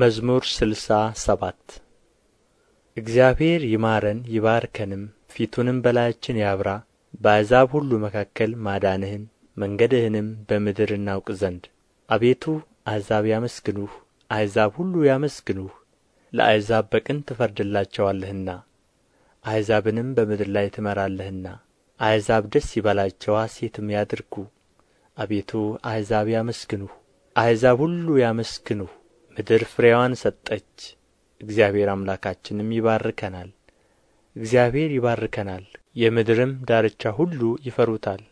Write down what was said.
መዝሙር ስልሳ ሰባት እግዚአብሔር ይማረን ይባርከንም ፊቱንም በላያችን ያብራ በአሕዛብ ሁሉ መካከል ማዳንህን መንገድህንም በምድር እናውቅ ዘንድ አቤቱ አሕዛብ ያመስግኑህ አሕዛብ ሁሉ ያመስግኑህ ለአሕዛብ በቅን ትፈርድላቸዋለህና አሕዛብንም በምድር ላይ ትመራለህና አሕዛብ ደስ ይበላቸው ሐሴትም ያድርጉ አቤቱ አሕዛብ ያመስግኑህ አሕዛብ ሁሉ ያመስግኑህ ምድር ፍሬዋን ሰጠች እግዚአብሔር አምላካችንም ይባርከናል እግዚአብሔር ይባርከናል የምድርም ዳርቻ ሁሉ ይፈሩታል